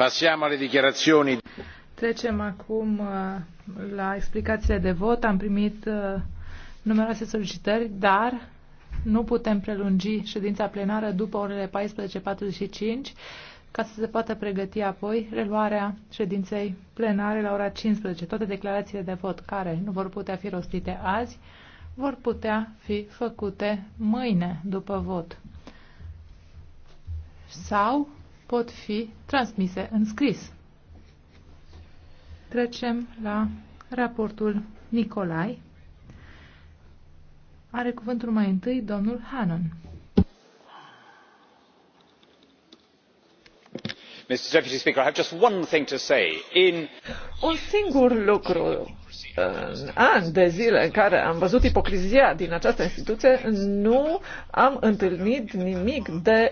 Passiamo alle dichiarazioni. Trecem acum uh, la explicațiile de vot. Am primit uh, numeroase solicitări, dar nu putem prelungi ședința plenară după orele 14.45 ca să se poată pregăti apoi reluarea ședinței plenare la ora 15. Toate declarațiile de vot care nu vor putea fi rostite azi vor putea fi făcute mâine după vot. Sau pot fi transmise în scris. Trecem la raportul Nicolai. Are cuvântul mai întâi domnul Hanon. un singur lucru în an de zile în care am văzut ipocrizia din această instituție nu am întâlnit nimic de